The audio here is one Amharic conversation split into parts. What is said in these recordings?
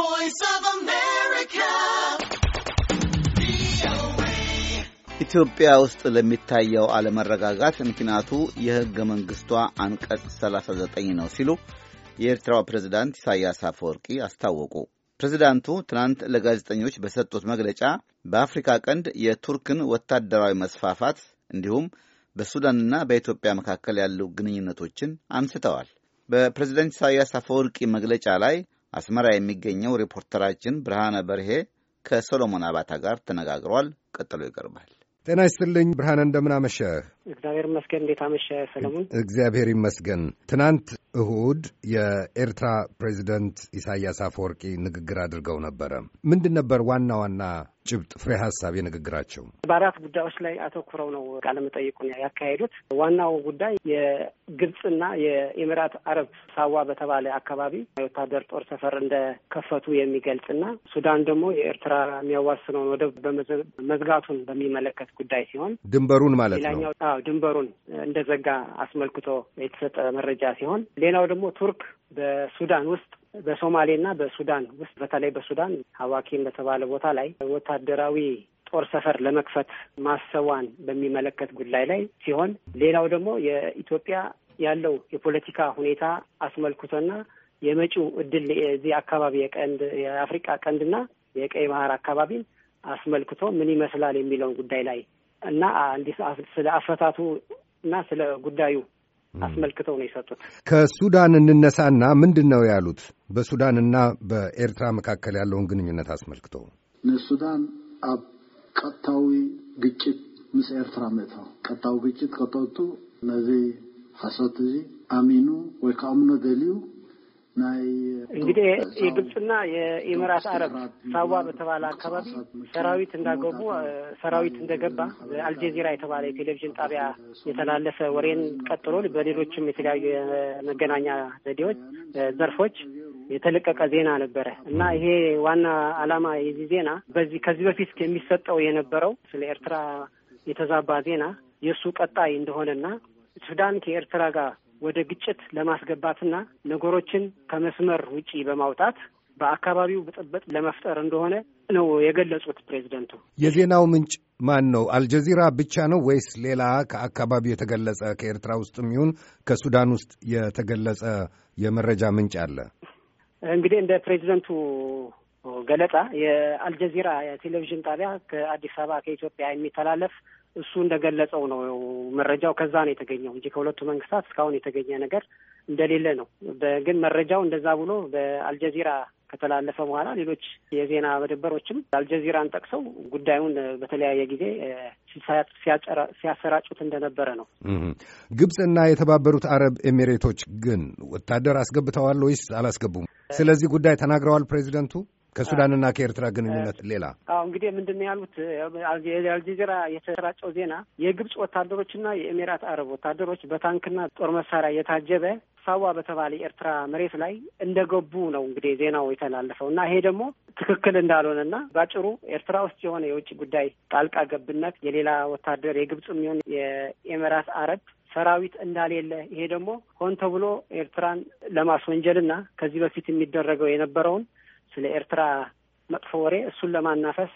voice of America. ኢትዮጵያ ውስጥ ለሚታየው አለመረጋጋት ምክንያቱ የሕገ መንግሥቷ አንቀጽ 39 ነው ሲሉ የኤርትራው ፕሬዝዳንት ኢሳያስ አፈወርቂ አስታወቁ። ፕሬዝዳንቱ ትናንት ለጋዜጠኞች በሰጡት መግለጫ በአፍሪካ ቀንድ የቱርክን ወታደራዊ መስፋፋት እንዲሁም በሱዳንና በኢትዮጵያ መካከል ያሉ ግንኙነቶችን አንስተዋል። በፕሬዝደንት ኢሳያስ አፈወርቂ መግለጫ ላይ አስመራ የሚገኘው ሪፖርተራችን ብርሃነ በርሄ ከሰሎሞን አባታ ጋር ተነጋግሯል። ቀጥሎ ይቀርባል። ጤና ይስጥልኝ ብርሃነ፣ እንደምን አመሸህ? እግዚአብሔር ይመስገን። እንዴት አመሸ ሰለሞን? እግዚአብሔር ይመስገን። ትናንት እሁድ የኤርትራ ፕሬዚደንት ኢሳያስ አፈወርቂ ንግግር አድርገው ነበረ። ምንድን ነበር ዋና ዋና ጭብጥ ፍሬ ሀሳብ የንግግራቸው? በአራት ጉዳዮች ላይ አተኩረው ነው ቃለመጠይቁን ያካሄዱት። ዋናው ጉዳይ የግብፅና የኤምራት አረብ ሳዋ በተባለ አካባቢ የወታደር ጦር ሰፈር እንደከፈቱ የሚገልጽና ሱዳን ደግሞ የኤርትራ የሚያዋስነውን ወደብ በመዝጋቱን በሚመለከት ጉዳይ ሲሆን ድንበሩን ማለት ነው። ድንበሩን እንደዘጋ አስመልክቶ የተሰጠ መረጃ ሲሆን ሌላው ደግሞ ቱርክ በሱዳን ውስጥ በሶማሌና በሱዳን ውስጥ በተለይ በሱዳን ሀዋኪን በተባለ ቦታ ላይ ወታደራዊ ጦር ሰፈር ለመክፈት ማሰቧን በሚመለከት ጉዳይ ላይ ሲሆን ሌላው ደግሞ የኢትዮጵያ ያለው የፖለቲካ ሁኔታ አስመልክቶና የመጪው እድል የዚህ አካባቢ የቀንድ የአፍሪቃ ቀንድና የቀይ ባህር አካባቢን አስመልክቶ ምን ይመስላል የሚለውን ጉዳይ ላይ እና ስለ አፈታቱ እና ስለ ጉዳዩ አስመልክተው ነው የሰጡት። ከሱዳን እንነሳና ምንድን ነው ያሉት በሱዳንና በኤርትራ መካከል ያለውን ግንኙነት አስመልክቶ ሱዳን አብ ቀጥታዊ ግጭት ምስ ኤርትራ ምእታው ቀጥታዊ ግጭት ከጠቱ ነዚ ሓሶት እዚ ኣሚኑ ወይ ከዓ እምኖ ደልዩ ናይ እንግዲህ የግብፅና የኢምራት አረብ ሳዋ በተባለ አካባቢ ሰራዊት እንዳገቡ ሰራዊት እንደገባ አልጀዚራ የተባለ የቴሌቪዥን ጣቢያ የተላለፈ ወሬን ቀጥሎ በሌሎችም የተለያዩ የመገናኛ ዘዴዎች ዘርፎች የተለቀቀ ዜና ነበረ እና ይሄ ዋና ዓላማ የዚህ ዜና በዚህ ከዚህ በፊት የሚሰጠው የነበረው ስለ ኤርትራ የተዛባ ዜና የእሱ ቀጣይ እንደሆነና ሱዳን ከኤርትራ ጋር ወደ ግጭት ለማስገባትና ነገሮችን ከመስመር ውጪ በማውጣት በአካባቢው ብጥብጥ ለመፍጠር እንደሆነ ነው የገለጹት ፕሬዚደንቱ። የዜናው ምንጭ ማን ነው? አልጀዚራ ብቻ ነው ወይስ ሌላ ከአካባቢው የተገለጸ ከኤርትራ ውስጥም ይሁን ከሱዳን ውስጥ የተገለጸ የመረጃ ምንጭ አለ? እንግዲህ እንደ ፕሬዚደንቱ ገለጻ የአልጀዚራ የቴሌቪዥን ጣቢያ ከአዲስ አበባ ከኢትዮጵያ የሚተላለፍ እሱ እንደገለጸው ነው መረጃው ከዛ ነው የተገኘው እንጂ ከሁለቱ መንግስታት እስካሁን የተገኘ ነገር እንደሌለ ነው። ግን መረጃው እንደዛ ብሎ በአልጀዚራ ከተላለፈ በኋላ ሌሎች የዜና መደበሮችም አልጀዚራን ጠቅሰው ጉዳዩን በተለያየ ጊዜ ሲያሰራጩት እንደነበረ ነው። ግብፅና የተባበሩት አረብ ኤሚሬቶች ግን ወታደር አስገብተዋል ወይስ አላስገቡም? ስለዚህ ጉዳይ ተናግረዋል ፕሬዚደንቱ ከሱዳንና ከኤርትራ ግንኙነት ሌላ አሁ እንግዲህ ምንድን ነው ያሉት አልጀዚራ የተሰራጨው ዜና የግብፅ ወታደሮችና የኤሚራት አረብ ወታደሮች በታንክና ጦር መሳሪያ የታጀበ ሳዋ በተባለ የኤርትራ መሬት ላይ እንደገቡ ነው እንግዲህ ዜናው የተላለፈው እና ይሄ ደግሞ ትክክል እንዳልሆነና ባጭሩ ኤርትራ ውስጥ የሆነ የውጭ ጉዳይ ጣልቃ ገብነት የሌላ ወታደር የግብፅ የሚሆን የኤሚራት አረብ ሰራዊት እንዳሌለ ይሄ ደግሞ ሆን ተብሎ ኤርትራን ለማስወንጀልና ከዚህ በፊት የሚደረገው የነበረውን ስለ ኤርትራ መጥፎ ወሬ እሱን ለማናፈስ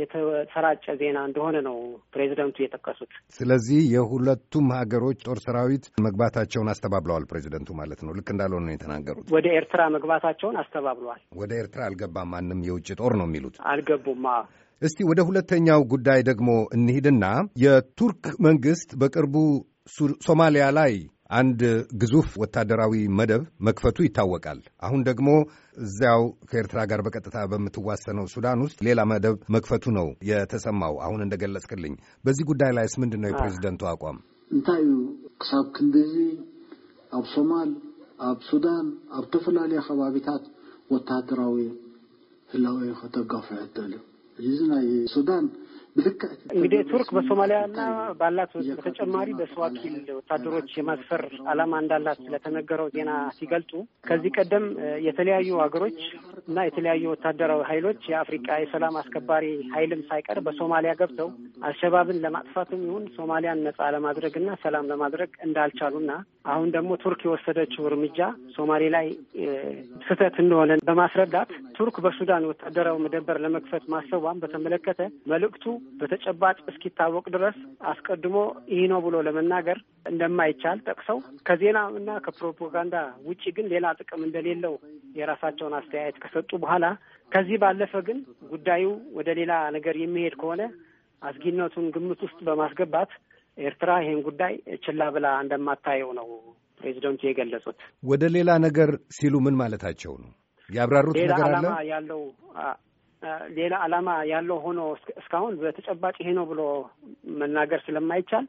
የተሰራጨ ዜና እንደሆነ ነው ፕሬዚደንቱ የጠቀሱት። ስለዚህ የሁለቱም ሀገሮች ጦር ሰራዊት መግባታቸውን አስተባብለዋል ፕሬዚደንቱ ማለት ነው። ልክ እንዳልሆነ ነው የተናገሩት። ወደ ኤርትራ መግባታቸውን አስተባብለዋል። ወደ ኤርትራ አልገባም ማንም የውጭ ጦር ነው የሚሉት አልገቡም። እስቲ ወደ ሁለተኛው ጉዳይ ደግሞ እንሂድና የቱርክ መንግስት በቅርቡ ሶማሊያ ላይ አንድ ግዙፍ ወታደራዊ መደብ መክፈቱ ይታወቃል። አሁን ደግሞ እዚያው ከኤርትራ ጋር በቀጥታ በምትዋሰነው ሱዳን ውስጥ ሌላ መደብ መክፈቱ ነው የተሰማው። አሁን እንደገለጽክልኝ በዚህ ጉዳይ ላይስ ምንድን ነው የፕሬዚደንቱ አቋም? እንታይ እዩ ክሳብ ክንዲዚ ኣብ ሶማል ኣብ ሱዳን ኣብ ዝተፈላለየ ከባቢታት ወታደራዊ ህላወ ከተጋፍዕ ይኽእል እዩ እዚ ናይ ሱዳን እንግዲህ ቱርክ በሶማሊያና ባላት በተጨማሪ በስዋኪል ወታደሮች የማስፈር አላማ እንዳላት ስለተነገረው ዜና ሲገልጹ ከዚህ ቀደም የተለያዩ ሀገሮች እና የተለያዩ ወታደራዊ ኃይሎች የአፍሪቃ የሰላም አስከባሪ ኃይልም ሳይቀር በሶማሊያ ገብተው አልሸባብን ለማጥፋትም ይሁን ሶማሊያን ነጻ ለማድረግና ሰላም ለማድረግ እንዳልቻሉና አሁን ደግሞ ቱርክ የወሰደችው እርምጃ ሶማሌ ላይ ስህተት እንደሆነ በማስረዳት ቱርክ በሱዳን ወታደራዊ መደበር ለመክፈት ማሰቧን በተመለከተ መልእክቱ በተጨባጭ እስኪታወቅ ድረስ አስቀድሞ ይህ ነው ብሎ ለመናገር እንደማይቻል ጠቅሰው ከዜና እና ከፕሮፓጋንዳ ውጭ ግን ሌላ ጥቅም እንደሌለው የራሳቸውን አስተያየት ከሰጡ በኋላ ከዚህ ባለፈ ግን ጉዳዩ ወደ ሌላ ነገር የሚሄድ ከሆነ አስጊነቱን ግምት ውስጥ በማስገባት ኤርትራ ይህን ጉዳይ ችላ ብላ እንደማታየው ነው ፕሬዚደንቱ የገለጹት። ወደ ሌላ ነገር ሲሉ ምን ማለታቸው ነው? ያብራሩት ነገር አለ ያለው ሌላ ዓላማ ያለው ሆኖ እስካሁን በተጨባጭ ይሄ ነው ብሎ መናገር ስለማይቻል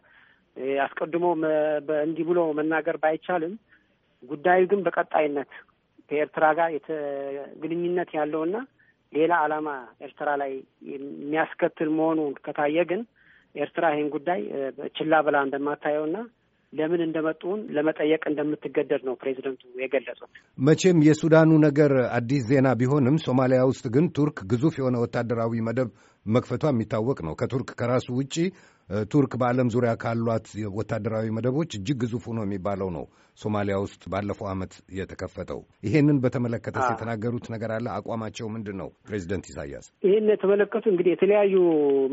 አስቀድሞ እንዲህ ብሎ መናገር ባይቻልም ጉዳዩ ግን በቀጣይነት ከኤርትራ ጋር ግንኙነት ያለውና ሌላ ዓላማ ኤርትራ ላይ የሚያስከትል መሆኑን ከታየ ግን ኤርትራ ይህን ጉዳይ ችላ ብላ እንደማታየውና ለምን እንደመጡን ለመጠየቅ እንደምትገደድ ነው ፕሬዚደንቱ የገለጹት። መቼም የሱዳኑ ነገር አዲስ ዜና ቢሆንም ሶማሊያ ውስጥ ግን ቱርክ ግዙፍ የሆነ ወታደራዊ መደብ መክፈቷ የሚታወቅ ነው። ከቱርክ ከራሱ ውጪ ቱርክ በዓለም ዙሪያ ካሏት ወታደራዊ መደቦች እጅግ ግዙፍ ነው የሚባለው ነው ሶማሊያ ውስጥ ባለፈው ዓመት የተከፈተው። ይሄንን በተመለከተስ የተናገሩት ነገር አለ? አቋማቸው ምንድን ነው? ፕሬዚደንት ኢሳያስ ይህን የተመለከቱ እንግዲህ የተለያዩ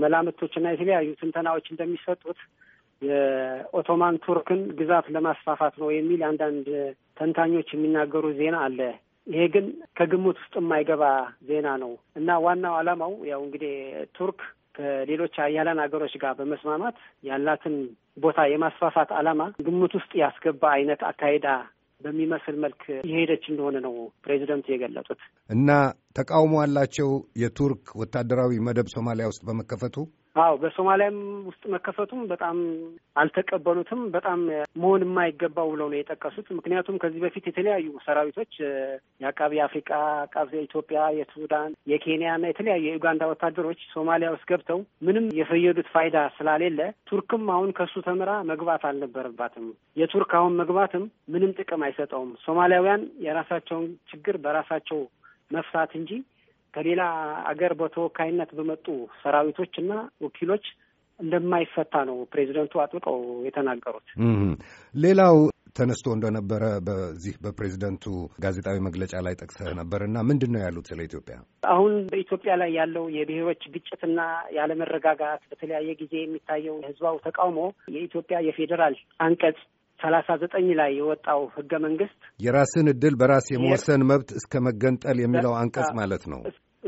መላምቶችና የተለያዩ ትንተናዎች እንደሚሰጡት የኦቶማን ቱርክን ግዛት ለማስፋፋት ነው የሚል አንዳንድ ተንታኞች የሚናገሩ ዜና አለ። ይሄ ግን ከግምት ውስጥ የማይገባ ዜና ነው እና ዋናው ዓላማው ያው እንግዲህ ቱርክ ከሌሎች ሀያላን ሀገሮች ጋር በመስማማት ያላትን ቦታ የማስፋፋት ዓላማ ግምት ውስጥ ያስገባ አይነት አካሄዳ በሚመስል መልክ የሄደች እንደሆነ ነው ፕሬዚደንቱ የገለጡት። እና ተቃውሞ አላቸው የቱርክ ወታደራዊ መደብ ሶማሊያ ውስጥ በመከፈቱ አዎ በሶማሊያም ውስጥ መከፈቱም በጣም አልተቀበሉትም። በጣም መሆን የማይገባው ብለው ነው የጠቀሱት። ምክንያቱም ከዚህ በፊት የተለያዩ ሰራዊቶች የአቃቢ አፍሪቃ፣ አቃቢ ኢትዮጵያ፣ የሱዳን፣ የኬንያ እና የተለያዩ የዩጋንዳ ወታደሮች ሶማሊያ ውስጥ ገብተው ምንም የፈየዱት ፋይዳ ስላሌለ ቱርክም አሁን ከሱ ተምራ መግባት አልነበረባትም። የቱርክ አሁን መግባትም ምንም ጥቅም አይሰጠውም። ሶማሊያውያን የራሳቸውን ችግር በራሳቸው መፍታት እንጂ ከሌላ አገር በተወካይነት በመጡ ሰራዊቶች እና ወኪሎች እንደማይፈታ ነው ፕሬዚደንቱ አጥብቀው የተናገሩት። ሌላው ተነስቶ እንደነበረ በዚህ በፕሬዚደንቱ ጋዜጣዊ መግለጫ ላይ ጠቅሰህ ነበር እና ምንድን ነው ያሉት ስለ ኢትዮጵያ? አሁን በኢትዮጵያ ላይ ያለው የብሔሮች ግጭትና ያለመረጋጋት፣ በተለያየ ጊዜ የሚታየው ህዝባዊ ተቃውሞ የኢትዮጵያ የፌዴራል አንቀጽ ሰላሳ ዘጠኝ ላይ የወጣው ህገ መንግስት የራስን እድል በራስ የመወሰን መብት እስከ መገንጠል የሚለው አንቀጽ ማለት ነው።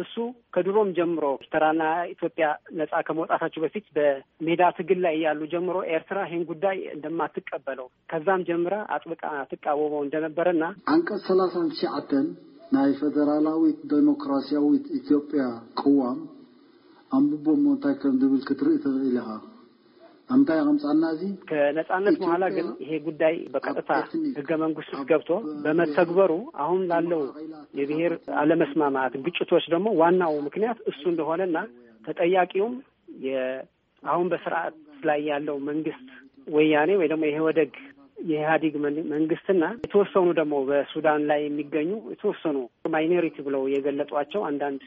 እሱ ከድሮም ጀምሮ ኤርትራና ኢትዮጵያ ነጻ ከመውጣታቸው በፊት በሜዳ ትግል ላይ ያሉ ጀምሮ ኤርትራ ይህን ጉዳይ እንደማትቀበለው ከዛም ጀምራ አጥብቃ ትቃወመው እንደነበረና አንቀጽ ሰላሳን ትሽዓተን ናይ ፌደራላዊት ዴሞክራሲያዊት ኢትዮጵያ ቅዋም አንብቦሞ እንታይ ከም ዝብል ክትርኢ ትኽእል ኢኻ አምታ አምጻና እዚህ ከነጻነት በኋላ ግን ይሄ ጉዳይ በቀጥታ ህገ መንግስት ውስጥ ገብቶ በመተግበሩ አሁን ላለው የብሔር አለመስማማት፣ ግጭቶች ደግሞ ዋናው ምክንያት እሱ እንደሆነና ተጠያቂውም አሁን በስርዓት ላይ ያለው መንግስት ወያኔ ወይ ደግሞ የኢህወደግ የኢህአዴግ መንግስትና የተወሰኑ ደግሞ በሱዳን ላይ የሚገኙ የተወሰኑ ማይኖሪቲ ብለው የገለጧቸው አንዳንድ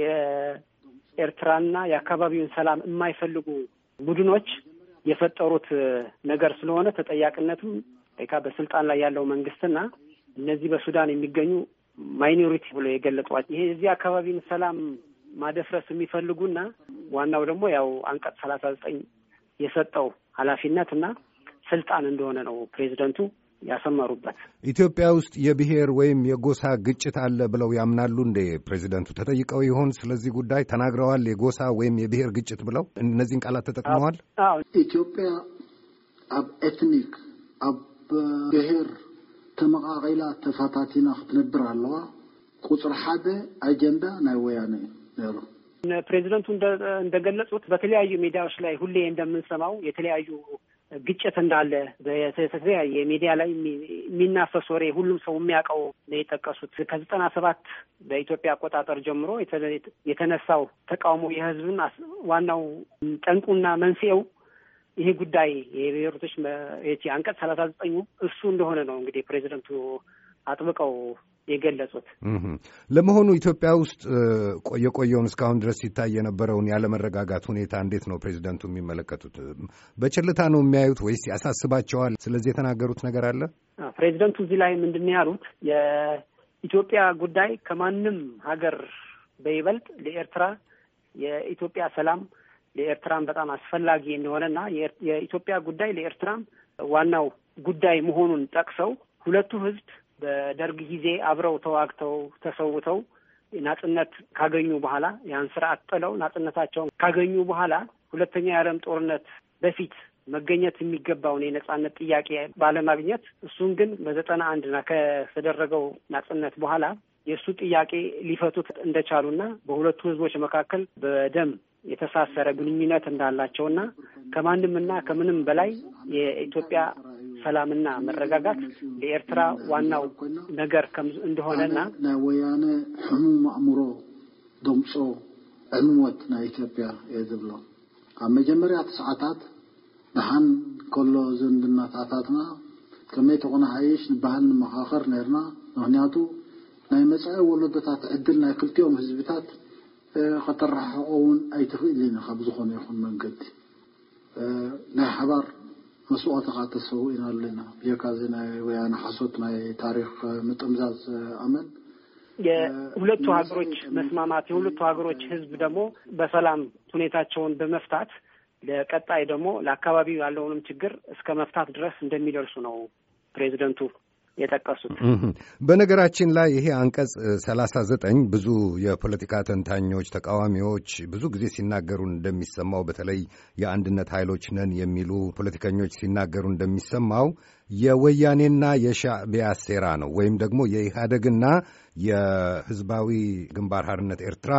የኤርትራና የአካባቢውን ሰላም የማይፈልጉ ቡድኖች የፈጠሩት ነገር ስለሆነ ተጠያቂነቱም ቃ በስልጣን ላይ ያለው መንግስትና እነዚህ በሱዳን የሚገኙ ማይኖሪቲ ብሎ የገለጧቸው ይሄ እዚህ አካባቢን ሰላም ማደፍረስ የሚፈልጉና ዋናው ደግሞ ያው አንቀጽ ሰላሳ ዘጠኝ የሰጠው ኃላፊነት እና ስልጣን እንደሆነ ነው ፕሬዚደንቱ ያሰመሩበት። ኢትዮጵያ ውስጥ የብሔር ወይም የጎሳ ግጭት አለ ብለው ያምናሉ እንዴ? ፕሬዚደንቱ ተጠይቀው ይሆን ስለዚህ ጉዳይ? ተናግረዋል? የጎሳ ወይም የብሔር ግጭት ብለው እነዚህን ቃላት ተጠቅመዋል? ኢትዮጵያ ኣብ ኤትኒክ ኣብ ብሔር ተመቃቂላ ተፋታቲና ክትነብር ኣለዋ ቁፅሪ ሓደ አጀንዳ ናይ ወያነ ነይሩ። ፕሬዚደንቱ እንደገለጹት በተለያዩ ሚዲያዎች ላይ ሁሌ እንደምንሰማው የተለያዩ ግጭት እንዳለ በተለያየ የሚዲያ ላይ የሚናፈስ ወሬ ሁሉም ሰው የሚያውቀው ነው የጠቀሱት። ከዘጠና ሰባት በኢትዮጵያ አቆጣጠር ጀምሮ የተነሳው ተቃውሞ የህዝብን ዋናው ጠንቁና መንስኤው ይሄ ጉዳይ የብሔሮቶች አንቀጽ ሰላሳ ዘጠኙ እሱ እንደሆነ ነው እንግዲህ ፕሬዚደንቱ አጥብቀው የገለጹት። ለመሆኑ ኢትዮጵያ ውስጥ የቆየውን እስካሁን ድረስ ሲታይ የነበረውን ያለመረጋጋት ሁኔታ እንዴት ነው ፕሬዚደንቱ የሚመለከቱት? በችልታ ነው የሚያዩት ወይስ ያሳስባቸዋል? ስለዚህ የተናገሩት ነገር አለ? ፕሬዚደንቱ እዚህ ላይ ምንድን ነው ያሉት? የኢትዮጵያ ጉዳይ ከማንም ሀገር በይበልጥ ለኤርትራ የኢትዮጵያ ሰላም ለኤርትራም በጣም አስፈላጊ እንደሆነና የኢትዮጵያ ጉዳይ ለኤርትራም ዋናው ጉዳይ መሆኑን ጠቅሰው ሁለቱ ሕዝብ በደርግ ጊዜ አብረው ተዋግተው ተሰውተው ናጽነት ካገኙ በኋላ ያን ስርዓት ጥለው ናጽነታቸውን ካገኙ በኋላ ሁለተኛ የዓለም ጦርነት በፊት መገኘት የሚገባውን የነጻነት ጥያቄ ባለማግኘት እሱን ግን በዘጠና ና ከተደረገው ናጽነት በኋላ የእሱ ጥያቄ ሊፈቱት እንደቻሉና በሁለቱ ህዝቦች መካከል በደም የተሳሰረ ግንኙነት እንዳላቸውና ከማንም እና ከምንም በላይ የኢትዮጵያ ሰላምና መረጋጋት ለኤርትራ ዋናው ነገር እንደሆነና ናይ ወያነ ሕሙም ኣእምሮ ደምፆ ዕልሞት ናይ ኢትዮጵያ እየ ዝብሎ ኣብ መጀመርያ ሰዓታት ድሓን ከሎ ዝንድናታታትና ከመይ ተቆናሃይሽ ሃይሽ ንባህል ንመኻኸር ነርና ምክንያቱ ናይ መፃኢ ወለዶታት ዕድል ናይ ክልቲኦም ህዝብታት ከተራሕቆ እውን ኣይትኽእል ኢና ካብ ዝኾነ ይኹን መንገዲ ናይ ሓባር መስዋዕትኻ ተሰው ኢና ኣለና ብካዚ ናይ ወያነ ሓሶት ናይ ታሪክ ምጥምዛዝ ኣመን የሁለቱ ሀገሮች መስማማት የሁለቱ ሀገሮች ህዝብ ደግሞ በሰላም ሁኔታቸውን በመፍታት ለቀጣይ ደግሞ ለአካባቢው ያለውንም ችግር እስከ መፍታት ድረስ እንደሚደርሱ ነው ፕሬዚደንቱ የጠቀሱት። በነገራችን ላይ ይሄ አንቀጽ ሰላሳ ዘጠኝ ብዙ የፖለቲካ ተንታኞች፣ ተቃዋሚዎች ብዙ ጊዜ ሲናገሩ እንደሚሰማው በተለይ የአንድነት ኃይሎች ነን የሚሉ ፖለቲከኞች ሲናገሩ እንደሚሰማው የወያኔና የሻዕቢያ ሴራ ነው ወይም ደግሞ የኢህአደግና የህዝባዊ ግንባር ሀርነት ኤርትራ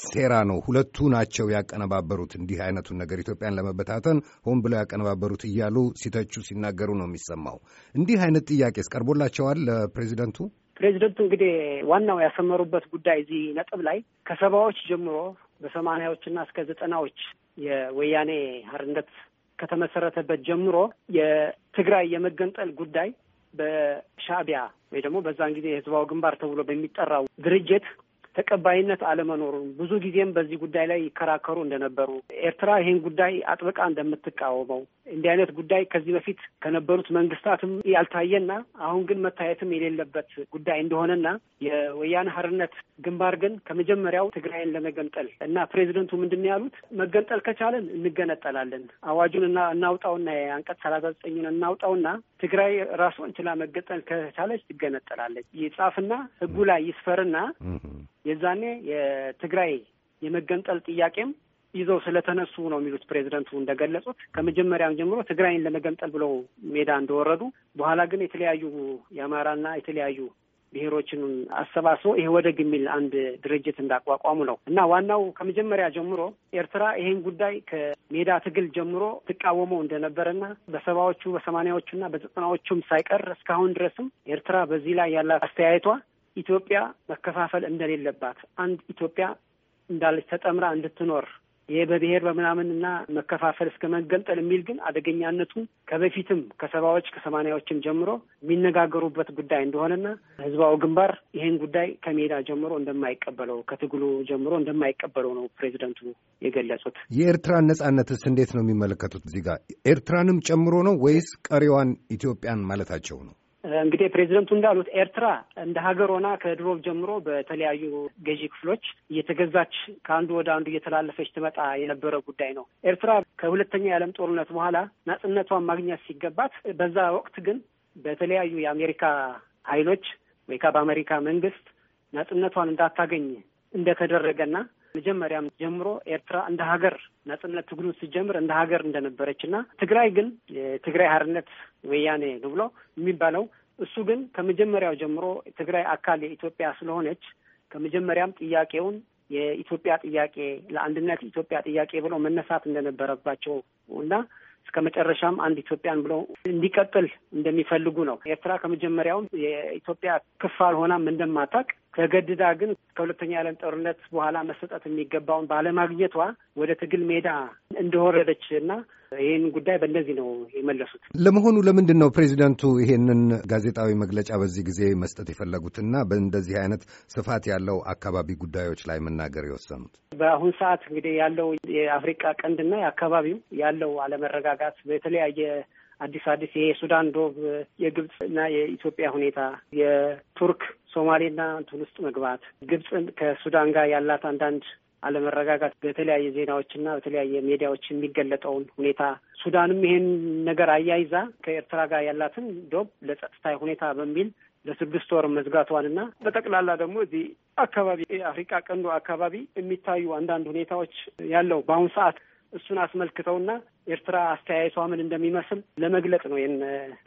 ሴራ ነው፣ ሁለቱ ናቸው ያቀነባበሩት፣ እንዲህ አይነቱን ነገር ኢትዮጵያን ለመበታተን ሆን ብለው ያቀነባበሩት እያሉ ሲተቹ ሲናገሩ ነው የሚሰማው። እንዲህ አይነት ጥያቄስ ቀርቦላቸዋል ለፕሬዚደንቱ? ፕሬዚደንቱ እንግዲህ ዋናው ያሰመሩበት ጉዳይ እዚህ ነጥብ ላይ ከሰባዎች ጀምሮ በሰማንያዎችና እስከ ዘጠናዎች የወያኔ ሀርነት ከተመሰረተበት ጀምሮ የትግራይ የመገንጠል ጉዳይ በሻቢያ ወይ ደግሞ በዛን ጊዜ የህዝባዊ ግንባር ተብሎ በሚጠራው ድርጅት ተቀባይነት አለመኖሩን ብዙ ጊዜም በዚህ ጉዳይ ላይ ይከራከሩ እንደነበሩ ኤርትራ ይህን ጉዳይ አጥብቃ እንደምትቃወመው እንዲህ አይነት ጉዳይ ከዚህ በፊት ከነበሩት መንግስታትም ያልታየና አሁን ግን መታየትም የሌለበት ጉዳይ እንደሆነና የወያነ ሀርነት ግንባር ግን ከመጀመሪያው ትግራይን ለመገንጠል እና ፕሬዚደንቱ ምንድን ያሉት መገንጠል ከቻለን እንገነጠላለን፣ አዋጁን እና እናውጣውና የአንቀት ሰላሳ ዘጠኙን እናውጣውና ትግራይ ራሷን ችላ መገንጠል ከቻለች ትገነጠላለች። ይጻፍና ህጉ ላይ ይስፈርና የዛኔ የትግራይ የመገንጠል ጥያቄም ይዘው ስለተነሱ ነው የሚሉት ፕሬዚደንቱ እንደገለጹት። ከመጀመሪያም ጀምሮ ትግራይን ለመገንጠል ብለው ሜዳ እንደወረዱ በኋላ ግን የተለያዩ የአማራና የተለያዩ ብሔሮችን አሰባስቦ ይሄ ወደግ የሚል አንድ ድርጅት እንዳቋቋሙ ነው እና ዋናው ከመጀመሪያ ጀምሮ ኤርትራ ይሄን ጉዳይ ከሜዳ ትግል ጀምሮ ትቃወመው እንደነበረና በሰባዎቹ በሰማኒያዎቹና በዘጠናዎቹም ሳይቀር እስካሁን ድረስም ኤርትራ በዚህ ላይ ያላት አስተያየቷ ኢትዮጵያ መከፋፈል እንደሌለባት አንድ ኢትዮጵያ እንዳለች ተጠምራ እንድትኖር ይሄ በብሔር በምናምንና መከፋፈል እስከ መገንጠል የሚል ግን አደገኛነቱ ከበፊትም ከሰባዎች ከሰማኒያዎችም ጀምሮ የሚነጋገሩበት ጉዳይ እንደሆነና ህዝባዊ ግንባር ይህን ጉዳይ ከሜዳ ጀምሮ እንደማይቀበለው ከትግሉ ጀምሮ እንደማይቀበለው ነው ፕሬዚደንቱ የገለጹት። የኤርትራን ነጻነትስ እንዴት ነው የሚመለከቱት? እዚህ ጋር ኤርትራንም ጨምሮ ነው ወይስ ቀሪዋን ኢትዮጵያን ማለታቸው ነው? እንግዲህ ፕሬዚደንቱ እንዳሉት ኤርትራ እንደ ሀገር ሆና ከድሮ ጀምሮ በተለያዩ ገዢ ክፍሎች እየተገዛች ከአንዱ ወደ አንዱ እየተላለፈች ትመጣ የነበረ ጉዳይ ነው። ኤርትራ ከሁለተኛ የዓለም ጦርነት በኋላ ናጽነቷን ማግኘት ሲገባት፣ በዛ ወቅት ግን በተለያዩ የአሜሪካ ኃይሎች ወይ በአሜሪካ መንግስት ናጽነቷን እንዳታገኝ እንደተደረገና መጀመሪያም ጀምሮ ኤርትራ እንደ ሀገር ነጽነት ትግሉን ስጀምር እንደ ሀገር እንደነበረች እና ትግራይ ግን የትግራይ ሀርነት ወያኔ ነው ብሎ የሚባለው እሱ ግን ከመጀመሪያው ጀምሮ ትግራይ አካል የኢትዮጵያ ስለሆነች ከመጀመሪያም ጥያቄውን የኢትዮጵያ ጥያቄ ለአንድነት ኢትዮጵያ ጥያቄ ብሎ መነሳት እንደነበረባቸው እና እስከ መጨረሻም አንድ ኢትዮጵያን ብለው እንዲቀጥል እንደሚፈልጉ ነው። ኤርትራ ከመጀመሪያውም የኢትዮጵያ ክፋል ሆናም እንደማታውቅ ተገድዳ ግን ከሁለተኛ የዓለም ጦርነት በኋላ መሰጠት የሚገባውን ባለማግኘቷ ወደ ትግል ሜዳ እንደወረደች እና ይህን ጉዳይ በእንደዚህ ነው የመለሱት። ለመሆኑ ለምንድን ነው ፕሬዚደንቱ ይሄንን ጋዜጣዊ መግለጫ በዚህ ጊዜ መስጠት የፈለጉትና በእንደዚህ አይነት ስፋት ያለው አካባቢ ጉዳዮች ላይ መናገር የወሰኑት? በአሁን ሰዓት እንግዲህ ያለው የአፍሪቃ ቀንድና የአካባቢው ያለው አለመረጋጋት በተለያየ አዲስ አዲስ የሱዳን ዶብ፣ የግብጽ የኢትዮጵያ ሁኔታ፣ የቱርክ ሶማሌና እንትን ውስጥ መግባት፣ ግብጽ ከሱዳን ጋር ያላት አንዳንድ አለመረጋጋት በተለያየ ዜናዎችና በተለያየ ሜዲያዎች የሚገለጠውን ሁኔታ ሱዳንም ይሄን ነገር አያይዛ ከኤርትራ ጋር ያላትን ዶብ ለጸጥታ ሁኔታ በሚል ለስድስት ወር መዝጋቷንና በጠቅላላ ደግሞ እዚህ አካባቢ የአፍሪቃ ቀንዱ አካባቢ የሚታዩ አንዳንድ ሁኔታዎች ያለው በአሁኑ ሰዓት እሱን አስመልክተውና ኤርትራ አስተያየቷ ምን እንደሚመስል ለመግለጽ ነው ይህን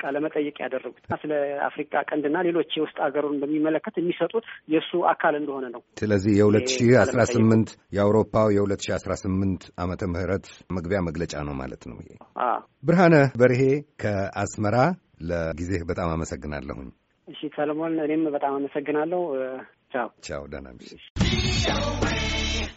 ቃለ መጠየቅ ያደረጉት። ስለ አፍሪካ ቀንድና ሌሎች የውስጥ ሀገሩን በሚመለከት የሚሰጡት የእሱ አካል እንደሆነ ነው። ስለዚህ የሁለት ሺ አስራ ስምንት የአውሮፓው የሁለት ሺ አስራ ስምንት አመተ ምህረት መግቢያ መግለጫ ነው ማለት ነው። ይሄ ብርሃነ በርሄ ከአስመራ ለጊዜህ በጣም አመሰግናለሁኝ። እሺ ሰለሞን፣ እኔም በጣም አመሰግናለሁ። ቻው ቻው፣ ደህና